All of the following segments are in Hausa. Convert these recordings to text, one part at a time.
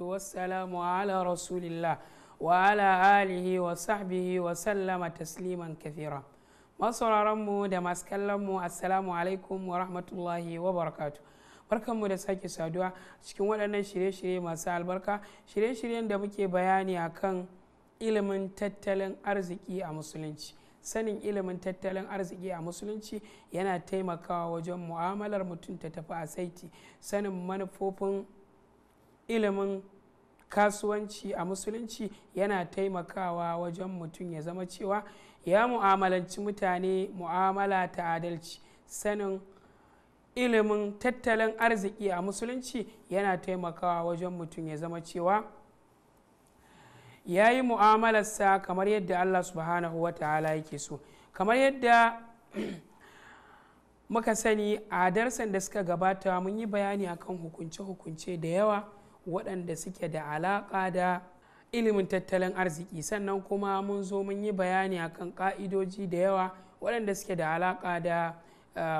والسلام على رسول wa وعلى wa وصحبه وسلم تسليما masauraranmu da masu kallonmu assalamu alaikum wa rahmatullahi wa barakatu barkanmu da sake saduwa cikin waɗannan shirye-shirye masu albarka shirye-shiryen da muke bayani akan ilimin tattalin arziki a musulunci sanin ilimin tattalin arziki a musulunci yana taimakawa wajen mu'amalar mutum ta tafi a saiti sanin manufofin ilimin kasuwanci a musulunci yana taimakawa wajen mutum ya zama cewa ya mu'amalanci mutane mu'amala ta adalci sanin ilimin tattalin arziki a musulunci yana taimakawa wajen mutum ya zama cewa ya yi mu'amalarsa kamar yadda allah subhanahu wa ta'ala yake so kamar yadda muka sani a darsan da suka gabata mun yi bayani akan hukunce-hukunce da yawa waɗanda suke da alaƙa da ilimin tattalin arziki sannan kuma mun zo mun yi bayani akan ƙa'idoji da yawa waɗanda suke da alaƙa da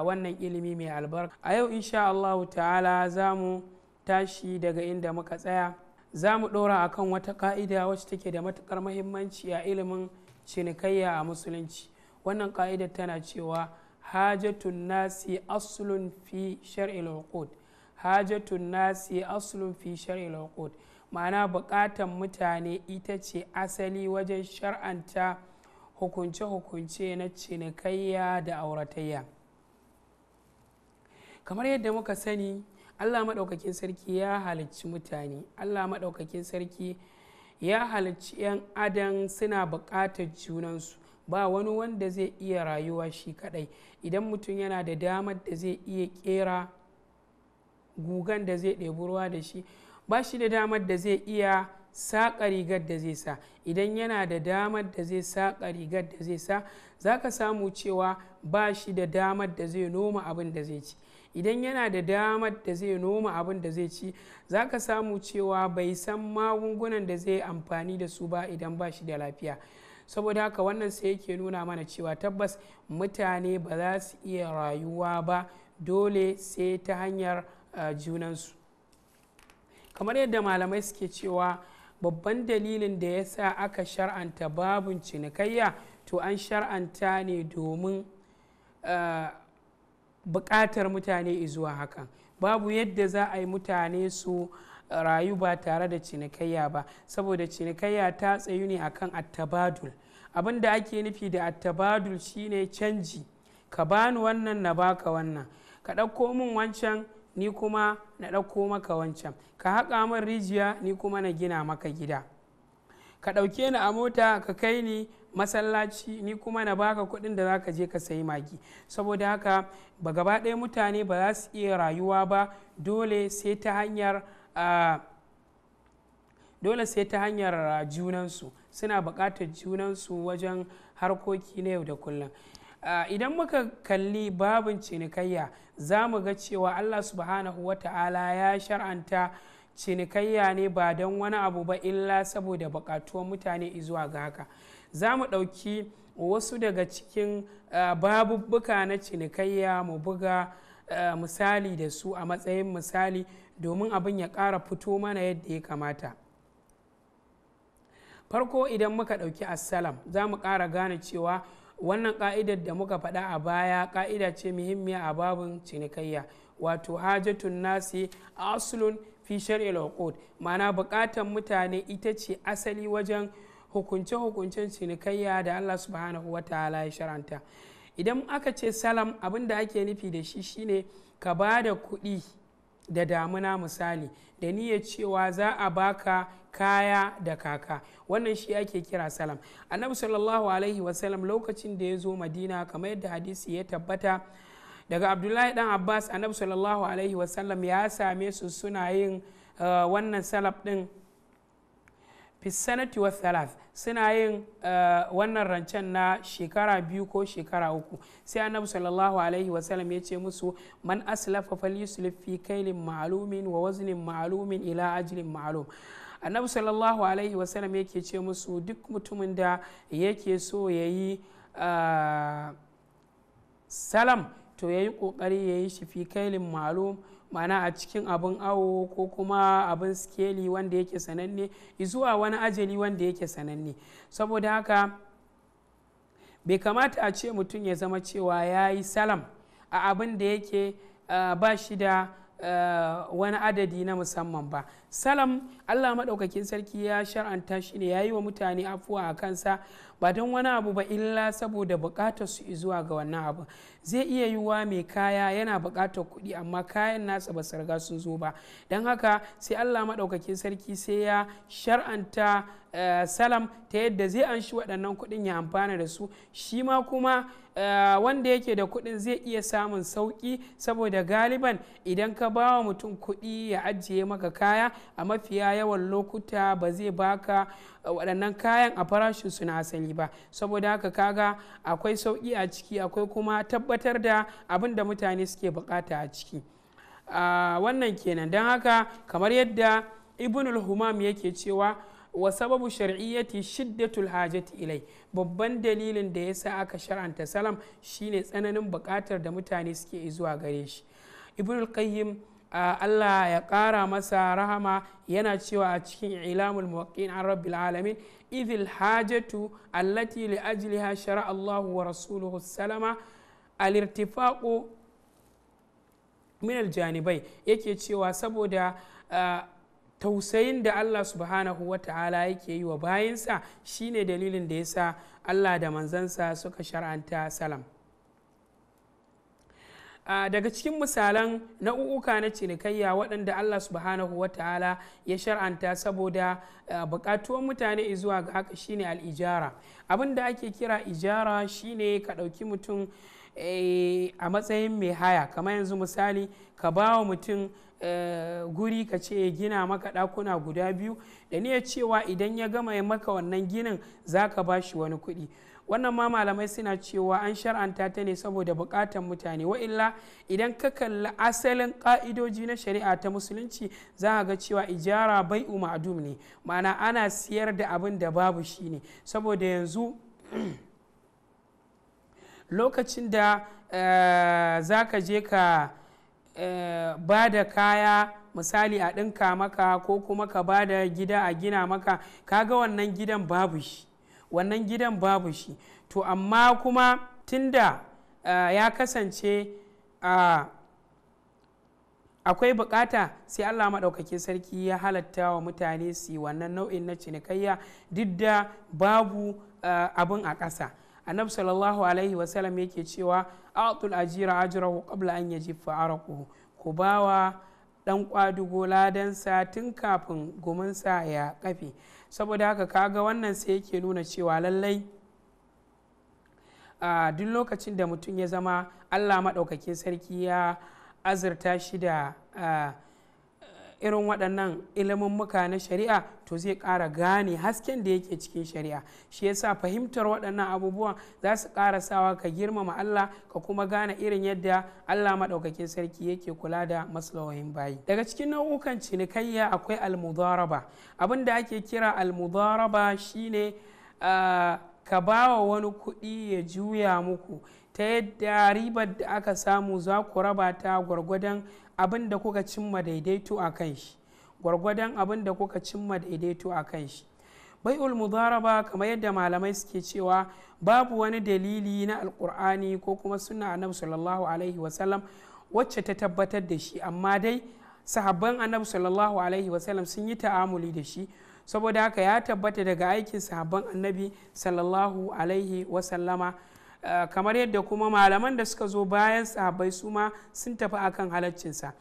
wannan ilimi mai albarka a yau insha Allah ta'ala za mu tashi daga inda muka tsaya za mu ɗora akan wata ƙa'ida wacce take da matuƙar mahimmanci a ilimin cinikayya a musulunci wannan ƙa'idar tana cewa hajatun nasi asulun fi shar'il uqud hajatun nasi aslun fi shari lokut ma'ana bukatan mutane ita ce asali wajen shar'anta hukunce-hukunce na cinikayya da auratayya kamar yadda muka sani allah maɗaukakin sarki ya halicci mutane allah maɗaukakin sarki ya halicci 'yan adam suna buƙatar junansu ba wani wanda zai iya rayuwa shi kadai idan mutum yana da damar da zai iya kera. gugan da zai ɗebi ruwa da shi ba shi da damar da zai iya saƙa rigar da zai sa idan yana da damar da zai saƙa rigar da zai sa za ka samu cewa ba shi da damar da zai noma abin da zai ci idan yana da damar da zai noma abin da zai ci za ka samu cewa bai san magungunan da zai amfani da su ba idan ba shi da lafiya saboda haka wannan sai yake nuna mana cewa tabbas mutane ba za su iya rayuwa ba dole sai ta hanyar junansu kamar yadda malamai suke cewa babban dalilin da ya sa aka shar'anta babun cinikayya to an shar'anta ne domin buƙatar mutane zuwa hakan babu yadda za a yi mutane su rayu ba tare da cinikayya ba saboda cinikayya ta tsayu ne akan attabadul abin da ake nufi da attabadul shine canji ka bani wannan na baka wannan ka ɗauko min wancan ni kuma na ɗauko maka wancan ka haƙa min rijiya ni kuma na gina maka gida ka ɗauke ni a mota ka kai ni masallaci ni kuma na baka kuɗin da zaka je ka sayi magi saboda haka ba gaba ɗaya mutane ba za su iya rayuwa ba dole sai ta hanyar dole sai ta hanyar junansu suna buƙatar junansu wajen harkoki na yau da kullum Ah, idan muka kalli babin cinikayya za mu ga cewa allah subhanahu wa ta'ala ya shar'anta cinikayya ne ba don wani abu ba illa saboda buƙatuwar mutane zuwa ga haka za mu ɗauki wasu daga cikin ah, babubbuka na cinikayya mu buga ah, misali da su a matsayin misali domin abin ya ƙara fito mana yadda ya kamata farko idan muka ɗauki assalam za mu ƙara gane cewa wannan ka'idar da muka faɗa a baya ka'ida ce muhimmiya a babin cinikayya wato hajatun nasi asulun fi shari'ar uqud ma'ana buƙatar mutane ita ce asali wajen hukunce-hukuncen cinikayya da Allah subhanahu wa ta'ala ya sharanta idan aka ce salam abin da ake nufi da shi shine ka ba da kuɗi da damuna misali da niyyar cewa za a baka kaya da kaka wannan shi ake kira salam annabi sallallahu alaihi wasallam lokacin da ya zo madina kamar yadda hadisi ya tabbata daga abdullahi dan abbas annabi sallallahu alaihi wasallam ya same su suna yin eh, wannan salaf din fisanati wa thalath suna yin wannan rancen na shekara biyu ko shekara uku sai annabi sallallahu alaihi wasallam ya ce musu man aslafa falyuslif fi kailin ma'lumin wa waznin ma'lumin ila ajlin ma'lum annabi sallallahu alaihi wasallam yake ce musu duk mutumin da yake so ya yi salam to ya yi ƙoƙari ya yi shi fi kailin ma'lum mana a cikin abin awo ko kuma abin skeli wanda yake sananne zuwa wani ajali wanda yake sananne saboda haka bai kamata a ce mutum ya zama cewa ya yi salam a abin da yake eh, ba shi da eh, wani adadi na musamman ba salam allah maɗaukakin sarki ya shar'anta shi ne ya yi wa mutane afuwa a kansa ba don wani abu ba illa saboda buƙatar su zuwa ga wannan abu zai iya yiwuwa mai kaya yana buƙatar kuɗi amma kayan nasa ba sarga sun zo ba don haka sai allah maɗaukakin sarki sai ya shar'anta eh, salam ta yadda zai an shi waɗannan kuɗin ya amfana da su shi ma kuma eh, wanda yake da kuɗin zai iya samun sauƙi saboda galiban idan ka ba wa mutum kuɗi ya ajiye maka kaya a mafiya yawan lokuta ba zai baka eh, waɗannan kayan a farashin su na asali ba saboda haka kaga akwai sauƙi a ciki akwai kuma tabbatar da abin da mutane suke bukata a ciki ah, wannan kenan don haka kamar yadda ibnul humam yake cewa wa sababu shar'iyyati shiddatul hajati ilai babban dalilin da yasa aka shar'anta salam shine tsananin buƙatar da mutane suke zuwa gare shi ibnul qayyim Allah ya ƙara masa rahama yana cewa a cikin ilamul muwaƙin an rabbil alamin idil hajatu allati li ajliha shara Allahu wa rasuluhu salama alirtifaqu min aljanibai yake cewa saboda tausayin da Allah subhanahu wa ta'ala yake yi wa bayansa shine dalilin da ya sa Allah da manzansa suka shar'anta salam daga cikin misalan na'u'uka na cinikayya waɗanda Allah subhanahu wa ta'ala ya shar'anta saboda buƙatuwar mutane zuwa ga haka shine al'ijara abin da ake kira ijara shine ka ɗauki mutum e, a matsayin mai haya kamar yanzu misali ka ba wa mutum e, guri ka ce ya gina maka ɗakuna guda biyu da ya cewa idan ya gama ya maka wannan ginin za ka ba shi wani kuɗi wannan ma malamai suna cewa an shar'anta ta ne saboda bukatan mutane wa illa idan ka kalli asalin ka'idoji na shari'a ta musulunci za a ga cewa ijara bai'u ma'dum ne ma'ana ana siyar da abin da babu shi ne saboda yanzu lokacin da eh, za ka je ka eh, ba da kaya misali a ɗinka maka ko kuma ka ba da gida a gina maka ka ga wannan gidan babu shi wannan gidan babu shi to amma kuma tunda uh, ya kasance ah, akwai bukata sai allah maɗaukakin sarki ya halatta wa mutane su wannan nau'in na cinikayya duk da babu eh, abin a ƙasa annabi sallallahu alaihi wasallam yake cewa a ajira ajrahu ko an ku bawa ɗan kwadugo ladansa tun kafin sa ya kafe saboda haka kaga wannan sai yake nuna cewa lallai a duk lokacin da mutum ya zama allah maɗaukakin sarki ya azurta shi da irin waɗannan ilimin muka na shari'a to zai ƙara gane hasken da yake cikin shari'a shi yasa fahimtar waɗannan abubuwan za su ƙara sawa ka girmama Allah ka kuma gane irin yadda Allah maɗaukakin sarki yake kula da maslahohin bayi daga cikin nau'ukan cinikayya akwai almudaraba abin da ake kira almudaraba shine ka ba wa wani kuɗi ya juya muku ta yadda ribar da aka samu za ku raba ta gwargwadon abin da kuka cimma daidaito a kan shi gwargwadon abin da kuka cimma daidaito a kan shi bai'ul mudaraba kamar yadda malamai suke cewa babu wani dalili na alkur'ani ko kuma suna annabi sallallahu alaihi wasallam wacce ta tabbatar da shi amma dai sahabban annabi sallallahu alaihi wasallam sun yi ta'amuli da shi saboda haka ya tabbata daga aikin sahabban annabi sallallahu alaihi wasallama eh, kamar yadda kuma malaman da suka zo bayan sahabbai su ma sun tafi akan halaccinsa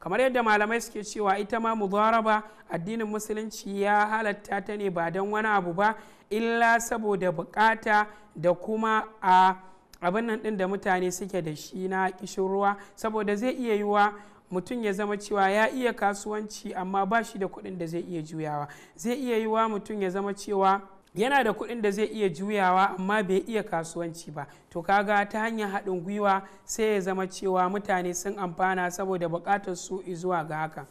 kamar yadda malamai suke cewa ita ma mudaraba addinin musulunci ya halatta ta ne ba don wani abu ba illa saboda bukata da kuma a abin nan din da mutane suke da shi na kishin ruwa saboda zai iya yiwa mutum ya zama cewa ya iya kasuwanci amma ba shi da kuɗin da zai iya juyawa zai iya yiwa mutum ya zama cewa yana da kuɗin da zai iya juyawa amma bai iya kasuwanci ba to kaga ta hanyar haɗin gwiwa sai ya zama cewa mutane sun amfana saboda buƙatar su zuwa ga hakan.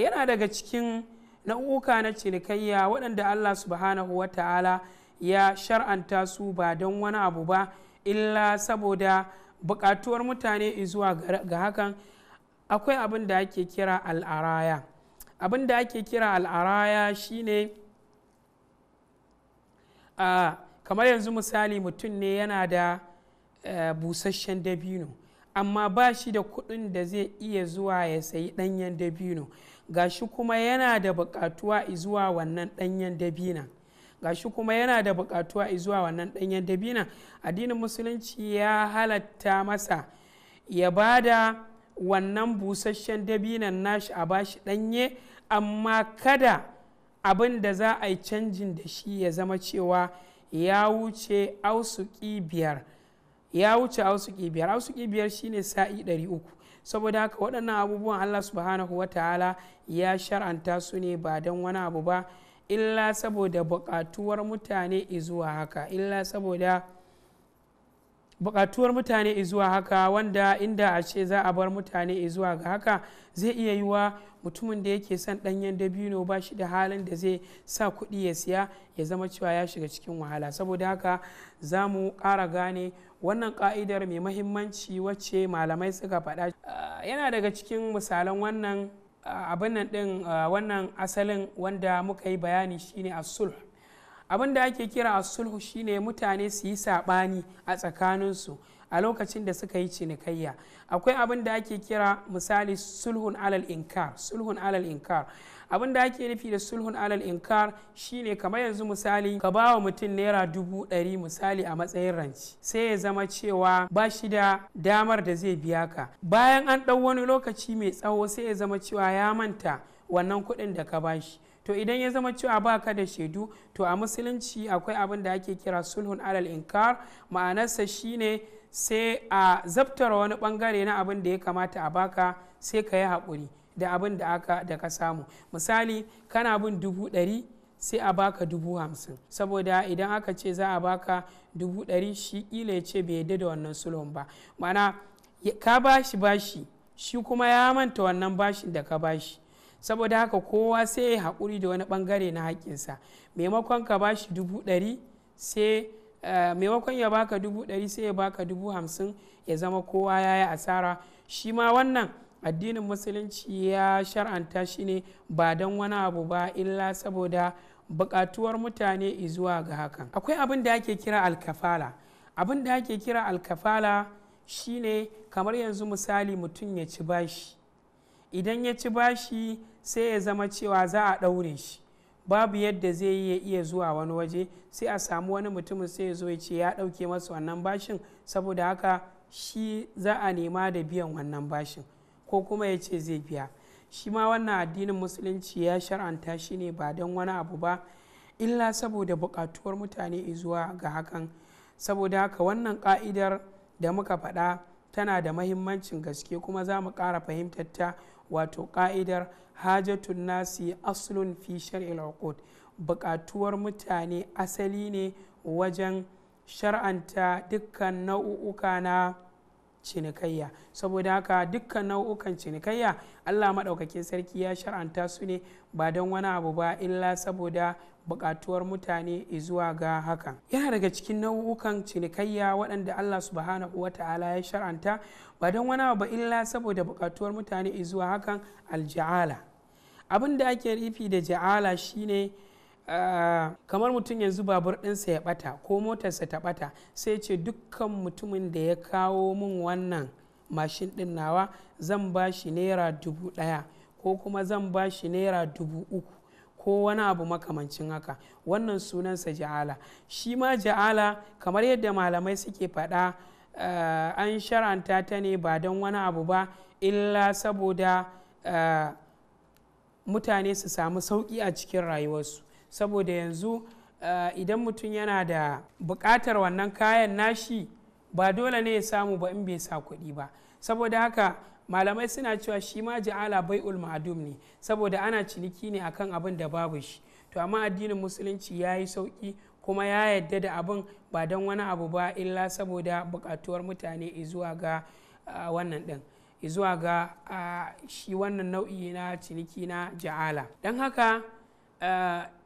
yana daga cikin na'uka na cinikayya waɗanda allah subhanahu wa ta'ala ya shar'anta su ba don wani abu ba illa saboda buƙatuwar mutane zuwa ga hakan akwai abin da ake kira al'araya abin da ake kira al'araya shine kamar yanzu misali mutum ne yana da eh, busasshen dabino amma ba shi da kuɗin da zai iya zuwa ya sayi ɗanyen dabino gashi kuma yana da buƙatuwa zuwa wannan ɗanyen Ga gashi kuma yana da buƙatuwa zuwa wannan ɗanyen dabina addinin musulunci ya halatta masa ya ba da wannan busasshen dabinan nashi a bashi ɗanye amma kada abin da za a yi canjin da shi ya zama cewa ya wuce ausuki biyar ya wuce ausuki biyar ausuki biyar shine sa'i ɗari uku saboda haka waɗannan abubuwan allah subhanahu wa ta'ala ya shar'anta su ne ba don wani abu ba illa saboda buƙatuwar mutane izuwa haka illa saboda buƙatuwar mutane izuwa haka wanda inda a ce za a bar mutane zuwa ga haka zai iya yiwa mutumin da yake son ɗanyen dabino ba shi da halin da zai sa kuɗi ya siya ya zama cewa ya shiga cikin wahala saboda haka za mu ƙara gane wannan ƙa'idar mai mahimmanci wacce malamai suka faɗa yana daga cikin misalan wannan abin nan ɗin wannan asalin wanda muka yi bayani shine sulh abin da ake kira asulhu shine mutane su yi saɓani a tsakaninsu a lokacin da suka yi cinikayya akwai abin da ake kira misali sulhun alal inkar sulhun alal inkar abin da ake nufi da sulhun alal inkar shine kamar yanzu misali ka ba wa mutum naira dubu ɗari misali a matsayin ranci sai ya zama cewa ba shi da damar da zai biya ka bayan an ɗau wani lokaci mai tsawo sai ya zama cewa ya manta wannan kuɗin da ka ba shi. to idan ya zama cewa ba ka da shaidu to a musulunci akwai abin da ake kira sulhun alal inkar ma'anarsa shine sai a zabtara wani bangare na abin da ya kamata a baka sai ka yi haƙuri da abin da aka da ka samu misali kana bin dubu ɗari sai a baka dubu hamsin saboda idan aka ce za a baka dubu ɗari shi ƙila ya ce bai yadda da wannan sulon ba mana ka bashi bashi shi kuma ya manta wannan bashin da ka bashi saboda haka kowa sai ya haƙuri da wani bangare na haƙƙinsa maimakon ka bashi dubu ɗari sai Eh, maimakon ya baka dubu ɗari sai ya baka dubu hamsin ya zama kowa ya yi asara shi ma wannan addinin musulunci ya shar'anta shi ne ba don wani abu ba illa saboda buƙatuwar mutane zuwa ga hakan akwai abin da ake kira alkafala abin da ake kira alkafala shine kamar yanzu misali mutum ya ci bashi idan ya ci bashi sai ya zama cewa za a ɗaure shi babu yadda zai iya iya zuwa wani waje sai a samu wani mutumin sai ya zo ya ce ya ɗauke masa wannan bashin saboda haka shi za a nema da biyan wannan bashin ko kuma ya ce zai biya shi ma wannan addinin musulunci ya shar'anta shi ne ba don wani abu ba illa saboda bukatuwar mutane zuwa ga hakan saboda haka wannan ka'idar da muka faɗa tana da mahimmancin gaske kuma za mu ƙara fahimtar ta wato ka'idar hajatun nasi aslun fi shar'il uqud buƙatuwar mutane asali ne wajen shar'anta dukkan nau'uka na cinikayya saboda haka dukkan nau'ukan cinikayya allah maɗaukakin sarki ya shar'anta su ne ba don wani abu ba illa saboda bukatuwar mutane zuwa ga hakan yana daga cikin nau'ukan cinikayya waɗanda allah subhanahu wa ta'ala ya shar'anta ba don wani ba illa saboda bukatuwar mutane zuwa hakan alja'ala abin da ake rifi da ja'ala shine ah, kamar mutum yanzu babur ɗinsa ya ɓata ko motarsa ta ɓata sai ce dukkan mutumin da ya kawo min wannan mashin ɗin nawa zan ba shi naira dubu ɗaya ko kuma zan ba shi naira dubu uku ko wani abu makamancin haka wannan sunansa ja'ala shi ma ja'ala kamar yadda malamai suke faɗa eh, an sharanta ta ne ba don wani abu ba illa saboda eh, mutane su samu sauƙi a cikin rayuwarsu saboda yanzu eh, idan mutum yana da buƙatar wannan kayan nashi ba dole ne ya samu ba in bai sa kuɗi ba saboda haka malamai suna cewa shi ma ja'ala bai'ul ma'adum ne saboda ana ciniki ne akan abin da babu shi to amma addinin musulunci ya yi sauki kuma ya yadda da abin ba don wani abu ba illa saboda buƙatuwar mutane zuwa ga wannan din zuwa ga shi wannan nau'i na ciniki na ja'ala don haka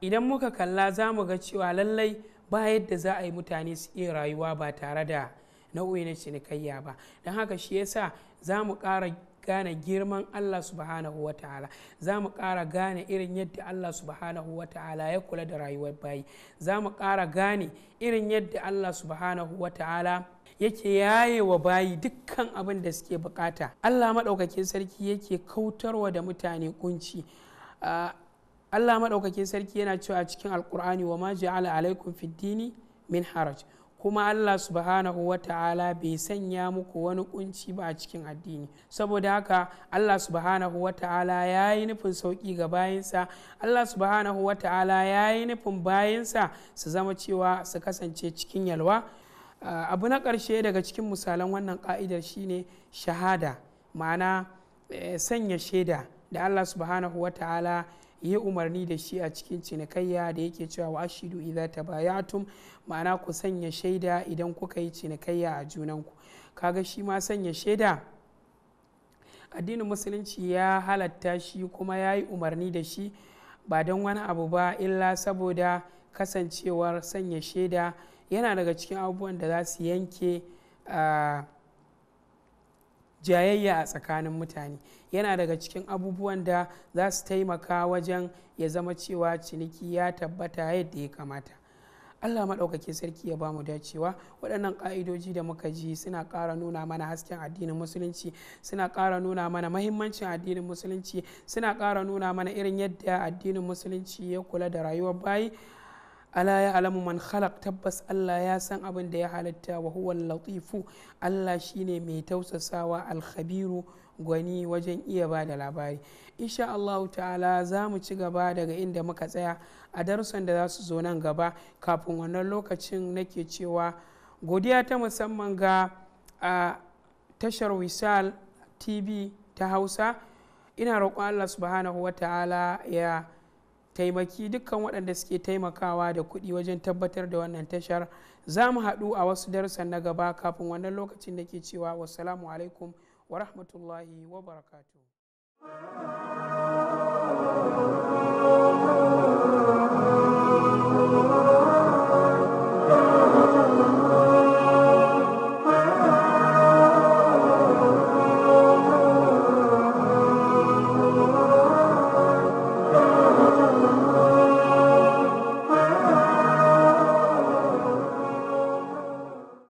idan muka kalla za mu ga cewa lallai ba yadda za a yi mutane su iya rayuwa ba tare da nau'i na cinikayya ba don haka shi yasa za mu ƙara gane girman Allah subhanahu wa ta'ala za mu ƙara gane irin yadda Allah subhanahu wa ta'ala ya kula da rayuwar bayi za mu ƙara gane irin yadda Allah subhanahu wa ta'ala yake yaye wa bayi dukkan abin da suke bukata Allah maɗaukakin sarki yake kautarwa da mutane kunci Allah maɗaukakin sarki yana cewa a cikin alkur'ani wa ma ja'ala alaikum fiddini min haraj kuma Allah subhanahu wa ta'ala bai sanya muku wani kunci ba a cikin addini saboda haka Allah subhanahu wa ta'ala ya yi nufin sauƙi ga bayansa Allah subhanahu wa ta'ala ya yi nufin bayansa su zama cewa su kasance cikin yalwa ah, abu na ƙarshe daga cikin misalan wannan ka'idar shine shahada ma'ana eh, sanya shaida da Allah subhanahu wa ta'ala yi umarni da shi a cikin cinikayya da yake cewa wa ashidu idza tabayatum ma'ana ku sanya shaida idan kuka yi cinikayya a junanku kaga shi ma sanya shaida addinin musulunci ya halatta shi kuma ya yi umarni da shi ba don wani abu ba illa saboda kasancewar sanya shaida yana daga cikin abubuwan da za su yanke uh, jayayya a tsakanin mutane yana daga cikin abubuwan da za su taimaka wajen ya zama cewa ciniki ya tabbata yadda ya kamata allah maɗaukaki sarki ya ba bamu dacewa waɗannan ƙa'idoji da muka ji suna ƙara nuna mana hasken addinin musulunci suna ƙara nuna mana mahimmancin addinin musulunci suna ƙara nuna mana irin yadda addinin musulunci ya kula da rayuwar bayi ala ya alamu man khalaq tabbas Allah ya san abin da ya halitta wa huwa latifu Allah shine mai tausasawa alkhabiru gwani wajen iya ba da labari insha Allah ta'ala za mu ci gaba daga inda muka tsaya a darussan da za su zo nan gaba kafin wannan lokacin nake cewa godiya ta musamman ga a tashar wisal tv ta hausa ina roƙon Allah subhanahu wa ta'ala ya taimaki dukkan waɗanda suke taimakawa da kuɗi wajen tabbatar da wannan tashar za mu haɗu a wasu darussan na gaba kafin wannan lokacin da ke cewa wasalamu alaikum wa rahmatullahi wa barakatuh